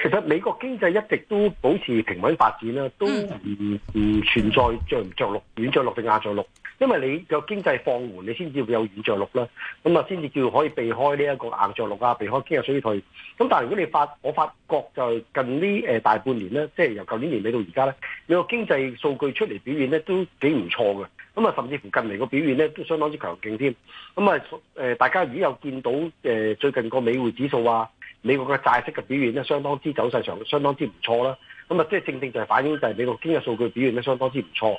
其實美國經濟一直都保持平穩發展啦，都唔唔存在著唔著陸、軟著陸定硬著陸，因為你個經濟放緩，你先至會有軟著陸啦。咁啊，先至叫可以避開呢一個硬著陸啊，避開經濟衰退。咁但係如果你發，我發覺就近呢誒大半年咧，即係由舊年年尾到而家咧，美國經濟數據出嚟表現咧都幾唔錯嘅。咁啊，甚至乎近嚟個表現咧都相當之強勁添。咁啊，誒大家如果有見到誒最近個美匯指數啊，美國嘅債息嘅表現咧，相當之走勢上相當之唔錯啦。咁啊，即係正正就係反映就係美國經濟數據表現咧，相當之唔錯。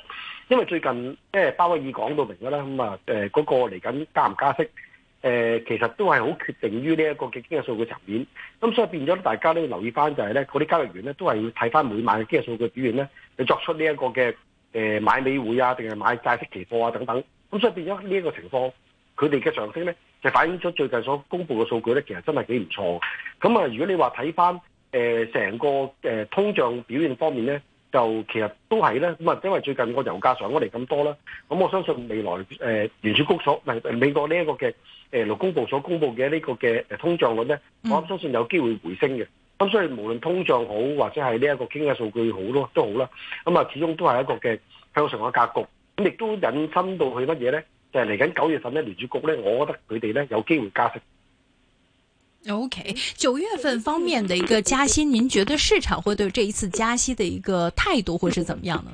因為最近即係鮑威爾講到明噶啦，咁啊誒嗰個嚟緊加唔加息，誒、呃、其實都係好決定於呢一個嘅經濟數據層面。咁所以變咗，大家都要留意翻就係咧，嗰啲交易員咧都係要睇翻每晚嘅經濟數據表現咧，去作出呢一個嘅誒買美匯啊，定係買債息期貨啊等等。咁所以變咗呢一個情況，佢哋嘅上升咧。就反映咗最近所公布嘅數據咧，其實真係幾唔錯。咁啊，如果你話睇翻誒成個誒、呃、通脹表現方面咧，就其實都係咧。咁啊，因為最近個油價上咗嚟咁多啦，咁我相信未來誒聯儲局所唔、呃、美國呢一個嘅誒勞工部所公布嘅呢個嘅通脹率咧，我諗相信有機會回升嘅。咁所以無論通脹好或者係呢一個經濟數據好咯，都好啦。咁啊，始終都係一個嘅向上嘅格局。咁亦都引申到佢乜嘢咧？就嚟緊九月份咧，聯儲局咧，我覺得佢哋咧有機會加息。O K，九月份方面嘅一個加息，您覺得市場會對這一次加息嘅一個態度會是怎麼樣的呢？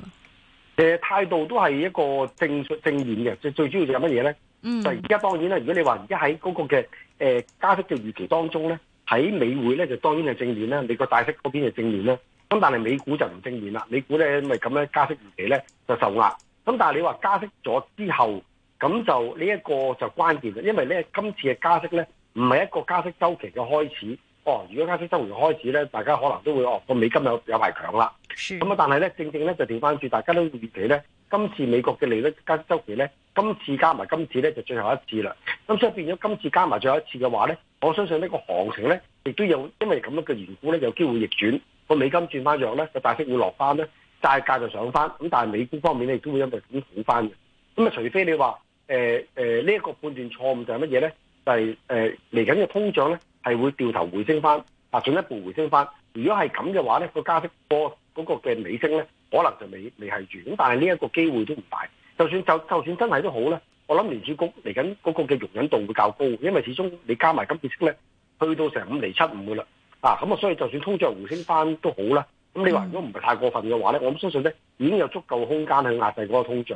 誒、呃，態度都係一個正正面嘅，最最主要就係乜嘢咧？嗯，而家當然啦，如果你話而家喺嗰個嘅誒、呃、加息嘅預期當中咧，喺美匯咧就當然係正面啦，美國大息嗰邊係正面啦。咁、嗯、但係美股就唔正面啦，美股咧因為咁樣加息預期咧就受壓。咁、嗯、但係你話加息咗之後。咁就呢一個就關鍵啦，因為咧今次嘅加息咧唔係一個加息周期嘅開始。哦，如果加息周期嘅開始咧，大家可能都會哦個美金有有排強啦。咁啊的，但係咧正正咧就調翻轉，大家都預期咧今次美國嘅利率加息周期咧，今次加埋今次咧就最後一次啦。咁所以變咗今次加埋最後一次嘅話咧，我相信呢個行情咧亦都有因為咁樣嘅緣故咧，有機會逆轉個美金轉翻弱咧，就大息會落翻咧，債價就上翻。咁但係美股方面咧亦都會因為咁好翻嘅。咁啊，除非你話。誒誒，呃呃這個、呢一個判斷錯誤就係乜嘢咧？就係誒嚟緊嘅通脹咧，係會掉頭回升翻，啊進一步回升翻。如果係咁嘅話咧，個加息波嗰個嘅尾聲咧，可能就未未係住。咁但係呢一個機會都唔大。就算就就算真係都好呢。我諗聯儲局嚟緊嗰個嘅容忍度會較高，因為始終你加埋今月息咧，去到成五厘七五嘅啦。啊咁啊，所以就算通脹回升翻都好啦。咁你話如果唔係太過分嘅話咧，我諗相信咧已經有足夠空間去壓制嗰個通脹。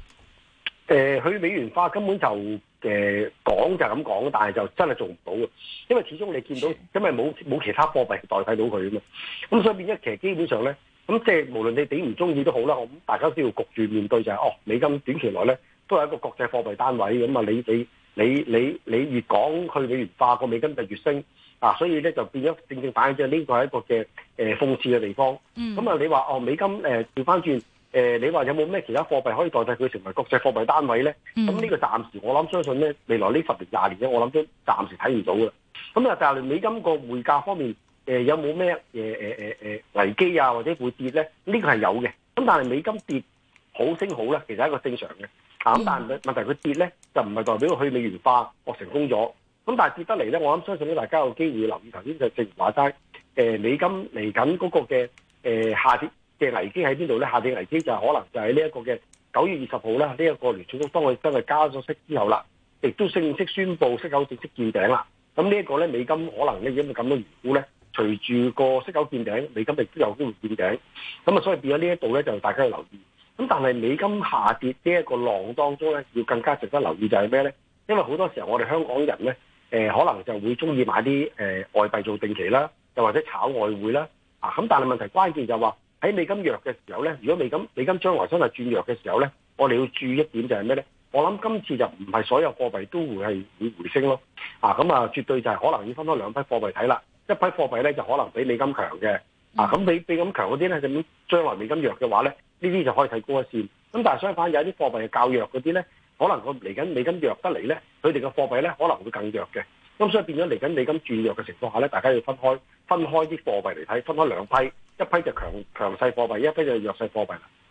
誒去、呃、美元化根本就誒、呃、講就係咁講，但係就真係做唔到嘅，因為始終你見到因為冇冇其他貨幣代替到佢嘛。咁所以變咗其實基本上咧，咁即係無論你點唔中意都好啦，咁大家都要焗住面對就係、是、哦，美金短期內咧都係一個國際貨幣單位咁啊、嗯，你你你你你越講去美元化，個美金就越升啊，所以咧就變咗正正反反，即係呢個係一個嘅誒、呃、諷刺嘅地方。咁啊，你話哦，美金誒調翻轉。呃誒、呃，你話有冇咩其他貨幣可以代替佢成為國際貨幣單位咧？咁呢個暫時我諗相信咧，未來呢十年廿年咧，我諗都暫時睇唔到喇。咁啊，但係美金個匯價方面，呃、有冇咩誒誒誒誒危機啊，或者會跌咧？呢、這個係有嘅。咁但係美金跌好升好咧，其實係一個正常嘅。咁、啊嗯、但係問題佢跌咧，就唔係代表去美元化我成功咗。咁但係跌得嚟咧，我諗相信咧，大家有機會留意頭先就正如話齋，誒、呃、美金嚟緊嗰個嘅、呃、下跌。嘅危機喺邊度咧？下跌危機就可能就係呢一個嘅九月二十號啦。呢一個聯儲局當佢真係加咗息之後啦，亦都正式宣布息口正式見頂啦。咁呢一個咧，美金可能咧因為咁多因素咧，隨住個息口見頂，美金亦都有機會見頂。咁啊，所以變咗呢一度咧，就是，大家要留意。咁但係美金下跌呢一個浪當中咧，要更加值得留意就係咩咧？因為好多時候我哋香港人咧，誒、呃、可能就會中意買啲誒外幣做定期啦，又或者炒外匯啦。啊，咁但係問題關鍵就係話。喺美金弱嘅時候咧，如果美金美金將來真係轉弱嘅時候咧，我哋要注意一點就係咩咧？我諗今次就唔係所有貨幣都會係會回升咯。啊，咁啊，絕對就係可能要分開兩批貨幣睇啦。一批貨幣咧就可能比美金強嘅。啊，咁比美金強嗰啲咧，就將來美金弱嘅話咧，呢啲就可以睇高一線。咁但係相反，有啲貨幣係較弱嗰啲咧，可能佢嚟緊美金弱得嚟咧，佢哋嘅貨幣咧可能會更弱嘅。咁所以變咗嚟緊，你咁轉弱嘅情況下咧，大家要分開，分開啲貨幣嚟睇，分開兩批，一批就強強，強勢貨幣，一批就弱勢貨幣。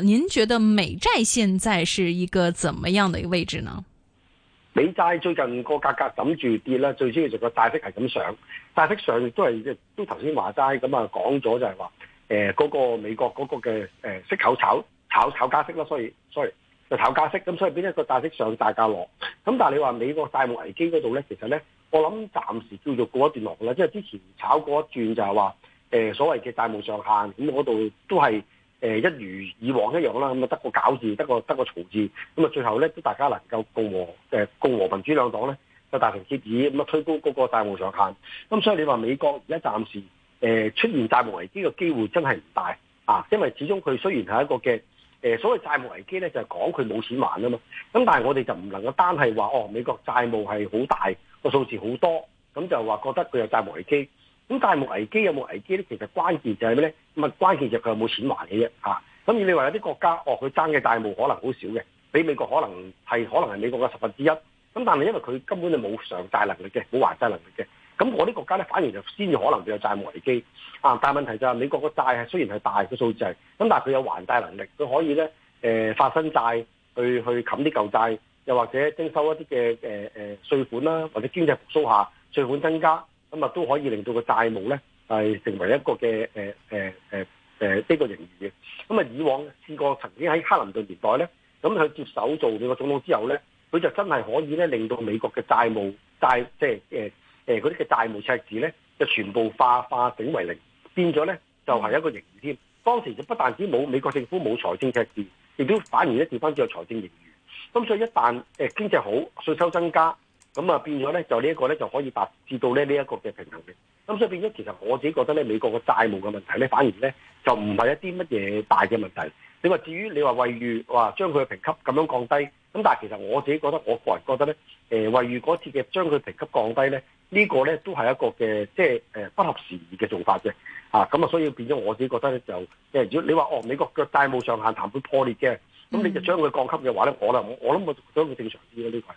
您覺得美債現在是一個怎麼樣的位置呢？美債最近個價格枕住跌啦，最主要就個債息係咁上，債息上亦都係都頭先話齋咁啊講咗就係話誒嗰個美國嗰個嘅誒息口炒炒炒加息啦，所以所以就炒加息，咁所以變一個債息上大價落，咁但係你話美國債務危機嗰度咧，其實咧我諗暫時叫做過一段落啦，即係之前炒過一轉就係話誒所謂嘅債務上限咁嗰度都係。誒、呃、一如以往一樣啦，咁啊得個搞字，得個得個嘈字，咁啊、嗯、最後咧都大家能夠共和誒、呃、共和民主兩黨咧就達成協議，咁、嗯、啊推高嗰個債務上限。咁、嗯、所以你話美國而家暫時誒、呃、出現債務危機嘅機會真係唔大啊，因為始終佢雖然係一個嘅誒、呃、所謂債務危機咧，就係、是、講佢冇錢還啊嘛。咁、嗯、但係我哋就唔能夠單係話哦美國債務係好大個數字好多，咁、嗯、就話覺得佢有債務危機。咁債務危機有冇危機咧？其實關鍵就係咩咧？咁啊，關鍵就係佢有冇錢還嘅啫嚇。咁、啊、如你話有啲國家，哦，佢爭嘅債務可能好少嘅，比美國可能係可能係美國嘅十分之一。咁但係因為佢根本就冇償債能力嘅，冇還債能力嘅。咁嗰啲國家咧，反而就先至可能就有債務危機。啊，但係問題就係、是、美國嘅債係雖然係大嘅數字，咁但係佢有還債能力，佢可以咧誒、呃、發生債去去冚啲舊債，又或者徵收一啲嘅誒誒稅款啦、啊，或者經濟復甦下稅款增加。咁啊都可以令到個債務咧係成為一個嘅誒誒誒誒呢個盈餘嘅。咁、嗯、啊以往試過曾經喺克林頓年代咧，咁、嗯、佢接手做美國總統之後咧，佢就真係可以咧令到美國嘅債務債即係誒嗰啲嘅債務赤字咧，就全部化化整為零，變咗咧就係、是、一個盈餘添。當時就不但止冇美國政府冇財政赤字，亦都反而咧變翻咗財政盈餘。咁、嗯、所以一旦誒經濟好，稅收增加，咁啊，變咗咧就呢一個咧就可以達至到咧呢一個嘅平衡嘅。咁所以變咗，其實我自己覺得咧，美國嘅債務嘅問題咧，反而咧就唔係一啲乜嘢大嘅問題。你話至於你話惠譽話將佢嘅評級咁樣降低，咁但係其實我自己覺得，我個人覺得咧，誒惠譽嗰次嘅將佢評級降低咧，呢個咧都係一個嘅即係不合時宜嘅做法嘅。啊，咁啊，所以變咗我自己覺得咧，就即係如果你話哦，美國嘅債務上限談判破裂嘅，咁你就將佢降級嘅話咧，我啦，我諗我將佢正常啲咯，呢個係。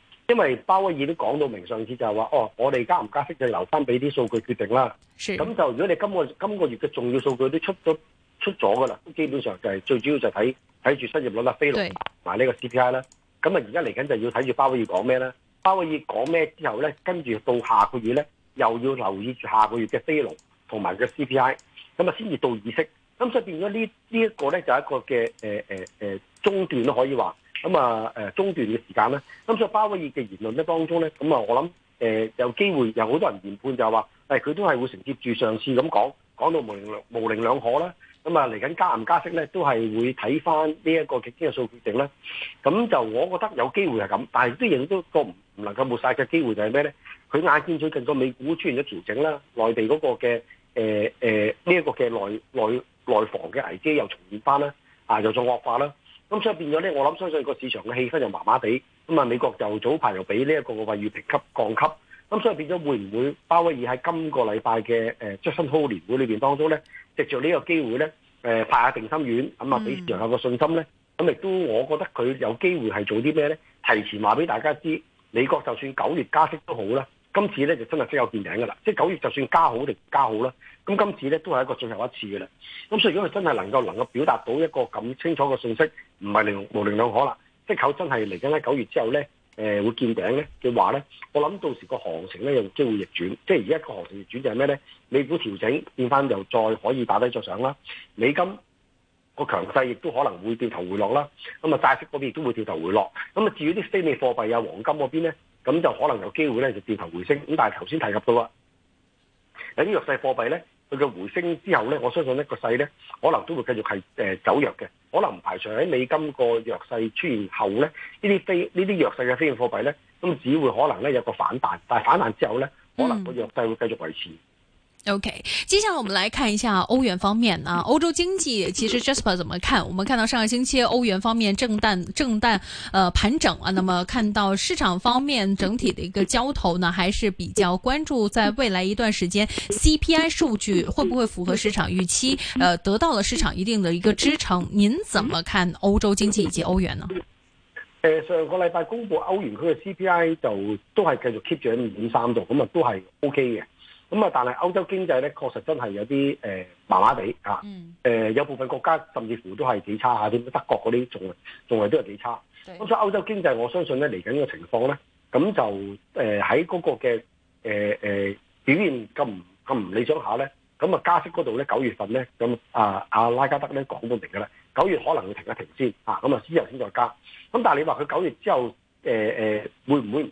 因為鮑威爾都講到明上次就係話哦，我哋加唔加息就留翻俾啲數據決定啦。咁的就如果你今個今個月嘅重要數據都出咗出咗噶啦，基本上就係、是、最主要就睇睇住失業率啦，飛龍同埋呢個 CPI 啦對。咁啊，而家嚟緊就要睇住鮑威爾講咩咧？鮑威爾講咩之後咧，跟住到下個月咧，又要留意住下個月嘅飛龍同埋嘅 CPI，咁啊先至到意識。咁所以變咗、這個、呢呢、就是、一個咧，就一個嘅誒誒誒中段可以話。咁啊，中段嘅時間咧，咁所以鮑威爾嘅言論咧，當中咧，咁啊，我諗誒有機會有好多人研判就係話，佢都係會承接住上次咁講，講到模棱兩可啦。咁啊，嚟緊加唔加息咧，都係會睇翻呢一個極端嘅數決定啦。咁就我覺得有機會係咁，但係都亦都個唔能夠抹殺嘅機會就係咩咧？佢眼見最近個美股出現咗調整啦，內地嗰個嘅誒呢一個嘅內內防嘅危機又重現翻啦，啊又再惡化啦。咁所以變咗咧，我諗相信個市場嘅氣氛就麻麻地。咁啊，美國就早排又俾呢一個嘅惠譽評級降級。咁所以變咗會唔會鮑威爾喺今個禮拜嘅誒 Jackson Hole 年會裏邊當中咧，藉著呢個機會咧，誒派下定心丸，咁啊俾市場有個信心咧。咁亦、嗯、都我覺得佢有機會係做啲咩咧？提前話俾大家知，美國就算九月加息都好啦。今次咧就真係即有見頂噶啦，即九月就算加好定加好啦，咁今次咧都係一個最後一次嘅啦。咁所以如果佢真係能夠能夠表達到一個咁清楚嘅信息，唔係零模棱兩可啦，即考真係嚟緊喺九月之後咧，誒會見頂咧嘅話咧，我諗到時個行情咧有機會逆轉，即而家個行情逆轉就係咩咧？美股調整變翻又再可以打低咗上啦，美金個強勢亦都可能會掉頭回落啦，咁啊債息嗰邊亦都會掉頭回落，咁啊至於啲非美貨幣啊黃金嗰邊咧？咁就可能有機會咧，就掉頭回升。咁但係頭先提及到啦，有啲弱勢貨幣咧，佢嘅回升之後咧，我相信呢個勢咧，可能都會繼續走弱嘅。可能唔排除喺美金個弱勢出現後咧，呢啲非呢啲弱勢嘅非現貨幣咧，咁、嗯、只會可能咧有個反彈，但係反彈之後咧，可能個弱勢會繼續維持。OK，接下來我們來看一下歐元方面啊。歐洲經濟其實 Jasper 怎麼看？我們看到上個星期歐元方面震蕩、震蕩呃盤整啊。那麼看到市場方面整體的一個交投呢，還是比較關注在未來一段時間 CPI 數據會不會符合市場預期？呃，得到了市場一定的一個支撐，您怎麼看歐洲經濟以及歐元呢？呃，上個禮拜公布歐元區嘅 CPI 就都係繼續 keep 住喺五三度，咁啊都係 OK 嘅。咁啊，但係歐洲經濟咧，確實真係有啲麻麻地啊。呃嗯、有部分國家甚至乎都係幾差下，啲德國嗰啲仲係仲係都係幾差。咁對所以歐洲經濟，我相信咧嚟緊個情況咧，咁就喺嗰、呃、個嘅誒、呃呃、表現咁咁唔理想下咧，咁啊加息嗰度咧九月份咧，咁啊拉加德咧講到明㗎啦，九月可能會停一停先啊，咁啊之後先再加。咁但係你話佢九月之後、呃、會唔會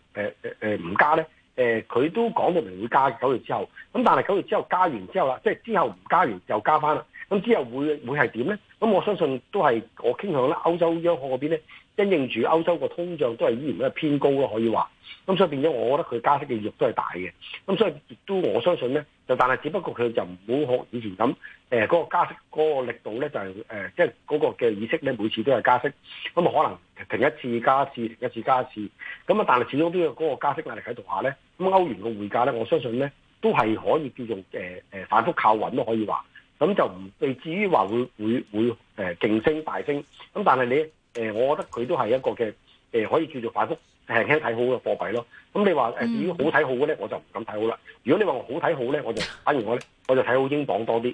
誒唔加咧？誒佢、呃、都講到明會加九月之後，咁但係九月之後加完之後啦，即係之後唔加完又加翻啦，咁之後會會係點咧？咁我相信都係我傾向咧，歐洲央行嗰邊咧，因應住歐洲個通脹都係依然係偏高咯，可以話，咁所以變咗，我覺得佢加息嘅意欲都係大嘅，咁所以亦都我相信咧。就但係，只不過佢就唔好學以前咁誒嗰個加息嗰個力度咧，就係誒即係嗰個嘅意識咧，每次都係加息咁啊，咁可能停一次加一次，停一次加一次咁啊，咁但係始終都有嗰個加息壓力喺度下咧，咁歐元嘅匯價咧，我相信咧都係可以叫做誒誒、呃、反覆靠穩都可以話咁，就唔未至於話會會會誒勁升大升咁，咁但係你誒、呃，我覺得佢都係一個嘅。誒、呃、可以叫做反覆輕輕睇好個貨幣咯。咁你話、呃、如果好睇好嘅咧，我就唔敢睇好啦。如果你話我好睇好咧，我就反而、啊、我咧，我就睇好英鎊多啲。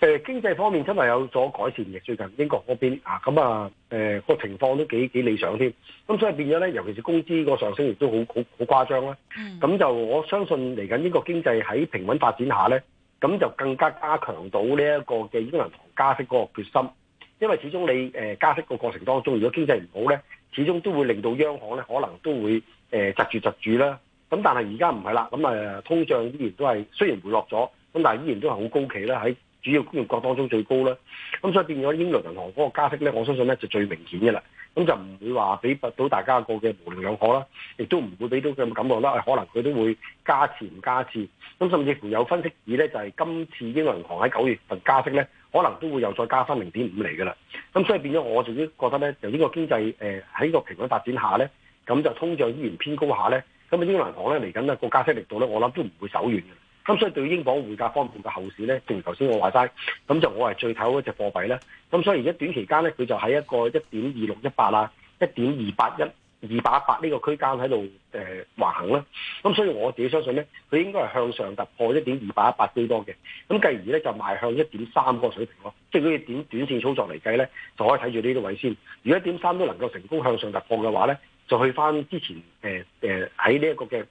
誒經濟方面真係有所改善嘅，最近英國嗰邊啊，咁啊誒個情況都幾幾理想添。咁所以變咗咧，尤其是工資個上升亦都好好好誇張啦。咁就我相信嚟緊英國經濟喺平穩發展下咧，咁就更加加強到呢一個嘅英國銀行加息嗰個決心。因為始終你誒、呃、加息個過程當中，如果經濟唔好咧，始終都會令到央行咧可能都會誒窒、呃、住窒住啦。咁但係而家唔係啦，咁啊、呃、通脹依然都係雖然回落咗，咁但係依然都係好高企啦喺。主要工業國當中最高啦，咁所以變咗英倫銀行嗰個加息咧，我相信咧就最明顯嘅啦，咁就唔會話俾到大家個嘅模棱兩可啦，亦都唔會俾到佢嘅感覺啦，可能佢都會加次唔加次，咁甚至乎有分析指咧，就係、是、今次英倫銀行喺九月份加息咧，可能都會又再加翻零點五厘嘅啦，咁所以變咗我自己覺得咧，就呢個經濟誒喺、呃、呢個疲軟發展下咧，咁就通脹依然偏高下咧，咁啊英倫銀行咧嚟緊呢個加息力度咧，我諗都唔會手軟嘅。咁所以對英鎊匯價方面嘅後市咧，正如頭先我話齋，咁就我係最睇好一隻貨幣咧。咁所以而家短期間咧，佢就喺一個一點二六一八啦，一點二八一二八一八呢個區間喺度誒橫行啦。咁所以我自己相信咧，佢應該係向上突破一點二八一八最多嘅。咁繼而咧就邁向一點三個水平咯。即係如果點短線操作嚟計咧，就可以睇住呢個位先。如果一點三都能夠成功向上突破嘅話咧，就去翻之前誒誒喺呢一個嘅。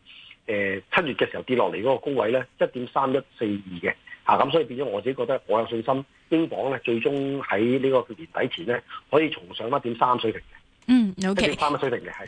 誒七、呃、月嘅時候跌落嚟嗰個高位咧，一點三一四二嘅，咁、啊、所以變咗我自己覺得我有信心，英鎊咧最終喺呢個年底前咧可以重上一點三水平嘅，嗯，OK，一點三一水平嘅係。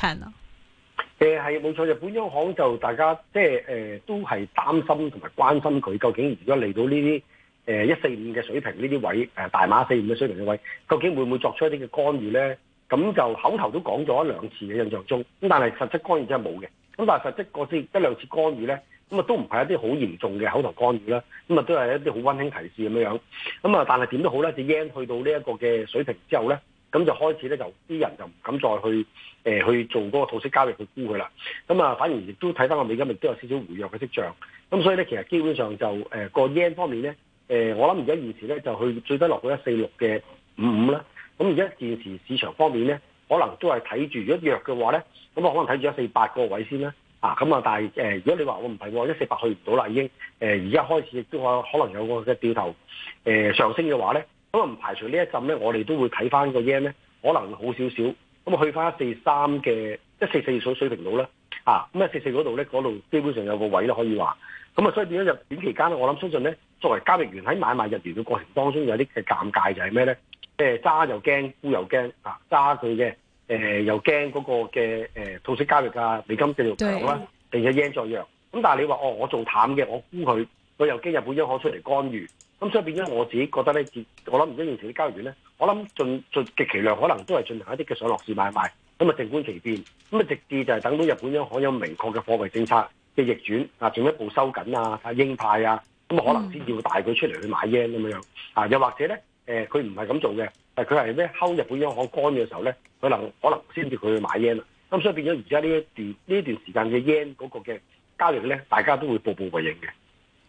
誒係冇錯，日本央行就大家即係誒都係擔心同埋關心佢究竟而家嚟到呢啲誒一四五嘅水平呢啲位誒、呃、大碼四五嘅水平嘅位，究竟會唔會作出一啲嘅干預咧？咁就口頭都講咗一兩次嘅印象中，咁但係實質干預真係冇嘅。咁但係實質嗰啲一兩次干預咧，咁啊都唔係一啲好嚴重嘅口頭干預啦。咁啊都係一啲好溫馨提示咁樣，但是怎樣也好。咁啊但係點都好咧，隻 y 去到呢一個嘅水平之後咧，咁就開始咧就啲人就唔敢再去。誒去做嗰個套息交易去沽佢啦，咁啊反而亦都睇翻個美金亦都有少少回弱嘅跡象，咁所以咧其實基本上就誒、呃、個 yen 方面咧，誒我諗而家現時咧就去最低落到一四六嘅五五啦，咁而家現時市場方面咧，可能都係睇住如果弱嘅話咧，咁啊可能睇住一四八個位先啦，啊咁啊但係、呃、如果你話我唔係一四八去唔到啦已經，而家開始亦都可可能有個嘅掉頭、呃、上升嘅話咧，咁啊唔排除呢一陣咧我哋都會睇翻個 yen 咧可能好少少。咁啊，去翻一四三嘅，一四四水水平度啦，啊，咁啊，一四四嗰度咧，嗰度基本上有個位啦，可以話。咁啊，所以變咗入短期間咧，我諗相信咧，作為交易員喺買賣日元嘅過程當中，有啲嘅尷尬就係咩咧？即係揸又驚，沽又驚，啊，揸佢嘅，誒、呃、又驚嗰個嘅誒套息交易啊，美金繼續強啦，定係日元再弱。咁但係你話哦，我做淡嘅，我沽佢，佢又驚日本央行出嚟干預。咁所以變咗我自己覺得咧，我諗唔知現時啲交易員咧。我諗盡盡極其量可能都係進行一啲嘅上落市買賣，咁啊靜觀其變，咁啊直至就係等到日本央行有明確嘅貨幣政策嘅逆轉啊，進一步收緊啊、啊鷹派啊，咁可能先至會帶佢出嚟去買 yen 咁樣。啊、嗯、又或者咧佢唔係咁做嘅，但佢係咩？睺日本央行乾嘅時候咧，佢能可能先至佢去買 yen，咁所以變咗而家呢一段呢段時間嘅 yen 嗰個嘅交易咧，大家都會步步為營嘅。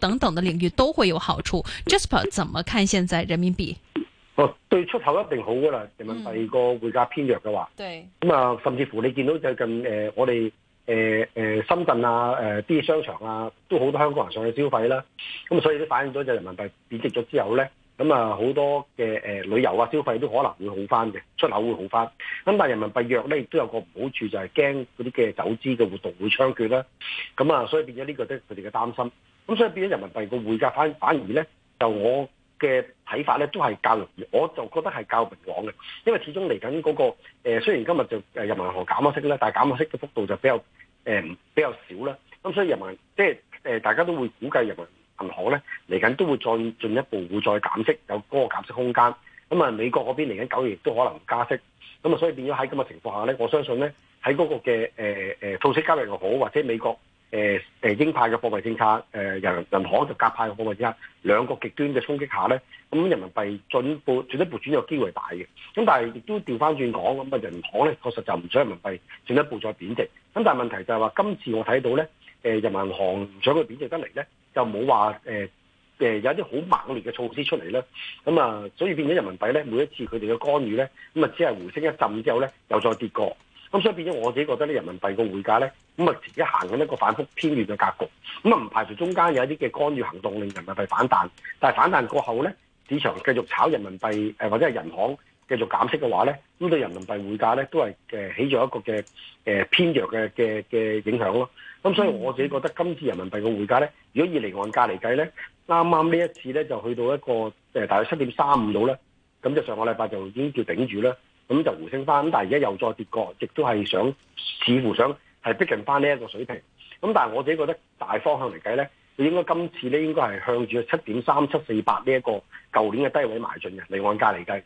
等等嘅領域都會有好處。Jasper，怎麼看現在人民幣？哦，對出口一定好噶啦。人民幣個匯價偏弱嘅話，咁啊、嗯嗯，甚至乎你見到最近誒、呃，我哋誒誒深圳啊，誒、呃、啲商場啊，都好多香港人上去消費啦。咁、嗯、所以都反映咗就人民幣貶值咗之後咧，咁啊好多嘅誒、呃、旅遊啊消費都可能會好翻嘅，出口會好翻。咁、嗯、但係人民幣弱咧，亦都有個唔好處，就係驚嗰啲嘅走資嘅活動會猖獗啦。咁、嗯、啊，所以變咗呢個咧，佢哋嘅擔心。咁所以變咗人民幣個匯價反反而咧，就我嘅睇法咧，都係較容易，我就覺得係較明朗嘅，因為始終嚟緊嗰個誒、呃，雖然今日就誒人民銀行減息啦，但係減息嘅幅度就比較誒、呃、比較少啦。咁所以人民即係誒、呃，大家都會估計人民銀行咧嚟緊都會再進一步會再減息，有嗰個減息空間。咁啊，美國嗰邊嚟緊九月亦都可能加息。咁啊，所以變咗喺今日情況下咧，我相信咧喺嗰個嘅誒誒套息交易又好，或者美國。誒誒、呃，英派嘅貨幣政策，誒、呃、人人行就夾派嘅貨幣政策，兩個極端嘅衝擊下咧，咁、嗯、人民幣進一步進一步轉有機會大嘅，咁但係亦都調翻轉講，咁啊人行咧確實就唔想人民幣進一步再貶值，咁但係問題就係話，今次我睇到咧，誒、呃、人民行唔想佢貶值得嚟咧，就冇話誒誒有啲好猛烈嘅措施出嚟咧，咁、嗯、啊，所以變咗人民幣咧每一次佢哋嘅干預咧，咁、嗯、啊只係回升一陣之後咧，又再跌過。咁所以變咗我自己覺得咧，人民幣個匯價咧，咁啊自己行緊一個反覆偏弱嘅格局，咁啊唔排除中間有一啲嘅干預行動令人民幣反彈，但係反彈過後咧，市場繼續炒人民幣或者係人行繼續減息嘅話咧，咁對人民幣匯價咧都係起咗一個嘅、呃、偏弱嘅嘅嘅影響咯。咁所以我自己覺得今次人民幣嘅匯價咧，如果以離岸價嚟計咧，啱啱呢一次咧就去到一個大概七點三五度呢。咁就上個禮拜就已經叫頂住啦。咁就回升翻，但係而家又再跌過，亦都係想，似乎想係逼近翻呢一個水平。咁但係我自己覺得大方向嚟計呢，佢應該今次呢應該係向住七點三七四八呢一個舊年嘅低位埋進嘅離岸價嚟計。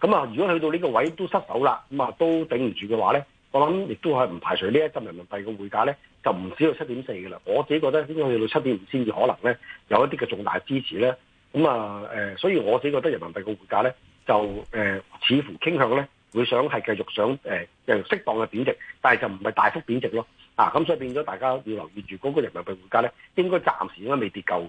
咁啊，如果去到呢個位都失手啦，咁啊都頂唔住嘅話呢，我諗亦都係唔排除呢一陣人民幣嘅匯價呢，就唔止到七點四嘅啦。我自己覺得應該去到七點五先至可能呢，有一啲嘅重大支持呢。咁啊所以我自己覺得人民幣嘅匯價呢，就似乎傾向呢。會想係繼續想誒，有、呃、適當嘅貶值，但係就唔係大幅貶值咯。啊，咁所以變咗大家要留意住，嗰個人民幣匯價呢，應該暫時應該未跌夠。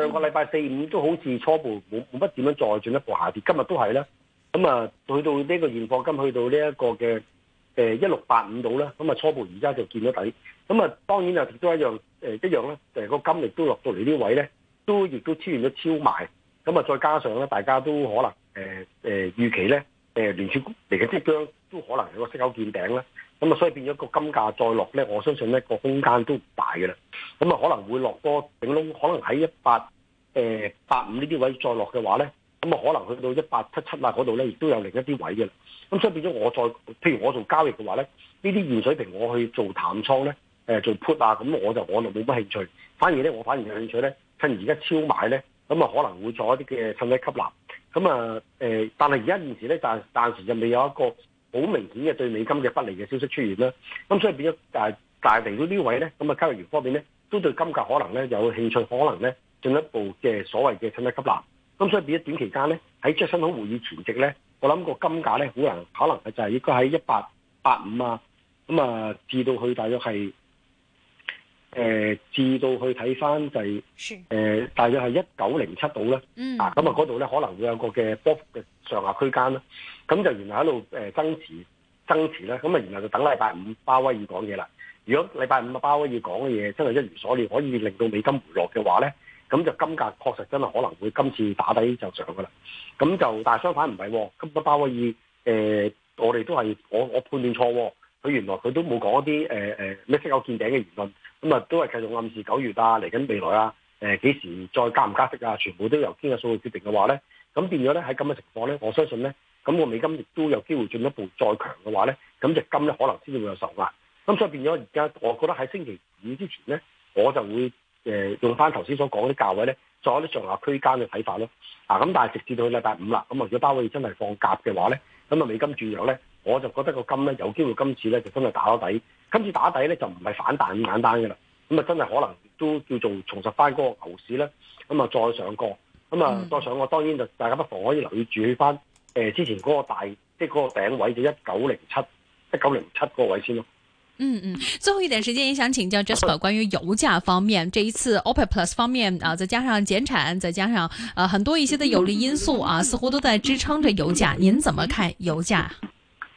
上個禮拜四五都好似初步冇冇乜點樣再進一步下跌，今日都係啦。咁啊，去到呢個現貨金去到呢一個嘅誒一六八五度啦。咁啊，初步而家就見咗底。咁啊，當然啊，亦都一樣一樣啦。誒個金亦都落到嚟呢位咧，都亦都出現咗超賣。咁啊，再加上咧，大家都可能誒誒、呃呃、預期咧，誒、呃、聯儲局嚟嘅跡象都可能有個息口見頂啦。咁啊，所以變咗個金價再落咧，我相信咧個空間都唔大嘅啦。咁啊，可能會落多頂窿，可能喺一百誒八五呢啲位再落嘅話咧，咁啊，可能去到一百七七啊嗰度咧，亦都有另一啲位嘅啦。咁所以變咗我再，譬如我做交易嘅話咧，呢啲現水平我去做淡倉咧，誒、欸、做 put 啊，咁我就我就冇乜興趣。反而咧，我反而有興趣咧，趁而家超買咧，咁啊可能會做一啲嘅趁低吸納。咁啊誒，但係而家現時咧，暫暫時就未有一個。好明顯嘅對美金嘅不利嘅消息出現啦，咁所以變咗大嚟到呢位咧，咁啊交易員方面咧都對金價可能咧有興趣，可能咧進一步嘅所謂嘅趁低吸納，咁所以變咗短期間咧喺最新嗰會議前夕咧，我諗個金價咧好難，可能就係應該喺一百八五啊，咁啊至到去大約係。誒、呃、至到去睇翻就係、是呃、大約係一九零七度咧，嗯、啊咁啊嗰度咧可能會有個嘅波幅嘅上下區間啦。咁就原來喺度誒爭持爭持啦。咁啊原來就等禮拜五鮑威爾講嘢啦。如果禮拜五啊鮑威爾講嘅嘢真係一如所料，可以令到美金回落嘅話咧，咁就金價確實真係可能會今次打底就上噶啦。咁就但係相反唔係、哦，今個鮑威爾誒、呃、我哋都係我我判斷錯喎、哦。佢原來佢都冇講一啲誒誒咩識有見頂嘅言論。咁啊，都係繼續暗示九月啊，嚟緊未來啊，呃、幾時再加唔加息啊？全部都由經濟數據決定嘅話咧，咁變咗咧喺咁嘅情況咧，我相信咧，咁、那個美金亦都有機會進一步再強嘅話咧，咁、那、就、個、金咧可能先至會有受壓。咁所以變咗而家，我覺得喺星期五之前咧，我就會誒、呃、用翻頭先所講啲價位咧，再有啲上下區間嘅睇法咯。啊，咁但係直至到禮拜五啦，咁啊，如果巴威真係放假嘅話咧，咁啊，美金轉弱咧，我就覺得個金咧有機會今次咧就真係打咗底。今次打底咧就唔係反彈咁簡單嘅啦，咁啊，真係可能都叫做重拾翻嗰個牛市咧，咁啊再上過，咁啊再上過，當然就大家不妨可以留意住翻誒之前嗰個大即係嗰個頂位，就一九零七一九零七嗰個位先咯。嗯嗯，最後一點時間也想請教 Jasper 關於油價方面，是這一次 OPEC Plus 方面啊，再加上減產，再加上啊很多一些的有利因素啊，似乎都在支撐着油價，您怎麼看油價？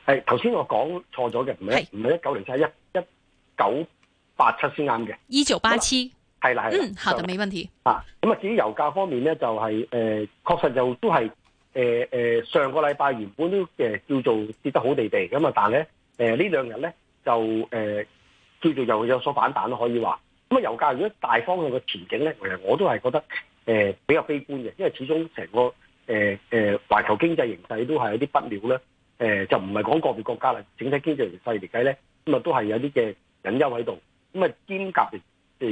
係頭先我講錯咗嘅，唔係唔係一九零七一。九八七先啱嘅，一九八七係啦，係、e、嗯，好的了，沒問題啊。咁啊，至於油價方面咧，就係、是、誒、呃，確實就都係誒誒，上個禮拜原本都誒叫做跌得好地地咁啊，但咧誒呢、呃、這兩日咧就誒、呃、叫做又有所反彈咯，可以話咁啊。油價如果大方向嘅前景咧，誒，我都係覺得誒、呃、比較悲觀嘅，因為始終成個誒誒、呃呃，環球經濟形勢都係有啲不妙呢，誒、呃，就唔係講個別國家啦，整體經濟形勢嚟計咧，咁、呃、啊都係有啲嘅。隱憂喺度，咁啊兼夾嚟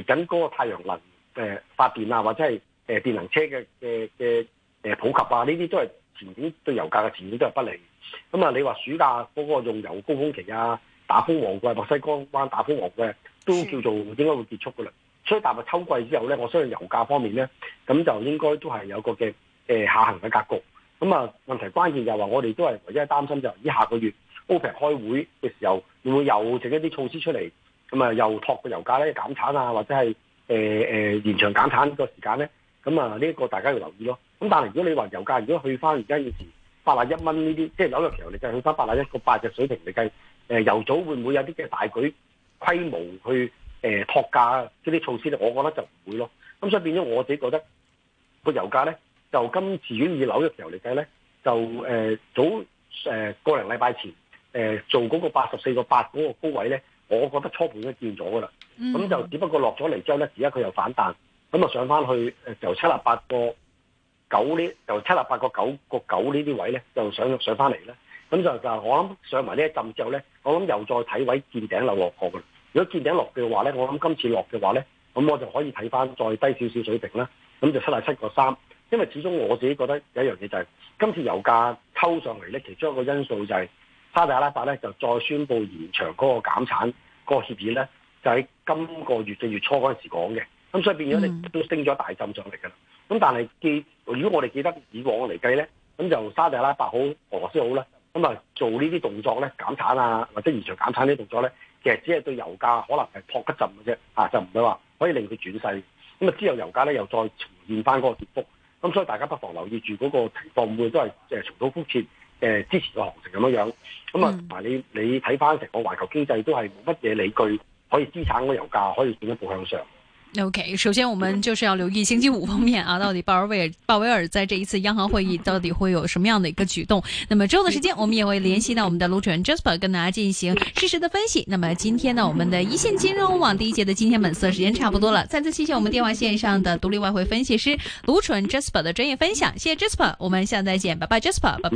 緊嗰個太陽能嘅、呃、發電啊，或者係誒、呃、電能車嘅嘅嘅誒普及啊，呢啲都係前景對油價嘅前景都係不利。咁啊，你話暑假嗰個用油高峰期啊，打風旺季，墨西哥灣打風旺季都叫做應該會結束噶啦。所以踏入秋季之後咧，我相信油價方面咧，咁就應該都係有個嘅誒、呃、下行嘅格局。咁啊，問題關鍵就係話我哋都係唯一擔心就係，依下個月 OPEC 開會嘅時候會唔會又整一啲措施出嚟？咁啊，又託個油價咧減產啊，或者係誒誒延長減產呢個時間咧，咁啊呢一個大家要留意咯。咁但係如果你話油價如果去翻而家以前八十一蚊呢啲，即係紐約石油嚟計去翻八十一個八隻水平嚟計，誒、呃、油組會唔會有啲嘅大舉規模去誒託、呃、價呢啲措施咧？我覺得就唔會咯。咁所以變咗我自己覺得個油價咧，就今次遠以紐約石油嚟計咧，就誒、呃、早誒、呃呃、個零禮拜前誒做嗰個八十四個八嗰個高位咧。我覺得初盤已經見咗噶啦，咁就只不過落咗嚟之後咧，而家佢又反彈，咁啊上翻去由七廿八個九呢，由七廿八個九個九呢啲位咧，就上上翻嚟啦。咁就就我諗上埋呢一陣之後咧，我諗又再睇位見頂落落過噶。如果見頂落嘅話咧，我諗今次落嘅話咧，咁我就可以睇翻再低少少水平啦。咁就七廿七個三，因為始終我自己覺得有一樣嘢就係、是、今次油價抽上嚟咧，其中一個因素就係、是。沙特阿拉伯咧就再宣布延長嗰個減產嗰個協議咧，就喺今個月嘅月初嗰陣時講嘅。咁所以變咗，你都升咗大浸上嚟㗎。咁但係記如果我哋記得以往嚟計咧，咁就沙特阿拉伯好俄羅斯好呢，咁啊做呢啲動作咧減產啊或者延長減產呢啲動作咧，其實只係對油價可能係撲一浸嘅啫，啊就唔會話可以令佢轉勢。咁啊之後油價咧又再重現翻嗰個跌幅。咁所以大家不妨留意住嗰個情況，會唔會都係即係重蹈覆轍？誒、呃、支持個行情咁樣樣，咁啊，嗱你你睇翻成個環球經濟都係冇乜嘢理據可以資產嗰個油價可以進一步向上。OK，首先我們就是要留意星期五方面啊，到底鮑爾鮑威爾在這一次央行會議到底會有什麼樣的一個舉動？那麼之後的時間，我們也會聯繫到我們的盧楚仁 Jasper 跟大家進行實時的分析。那麼今天呢，我們的一線金融網第一節的今天本色時間差不多了，再次謝謝我們電話線上的獨立外匯分析師盧楚仁 Jasper 的專業分享，謝謝 Jasper，我們下次再見，拜拜 Jasper，拜拜。嗯。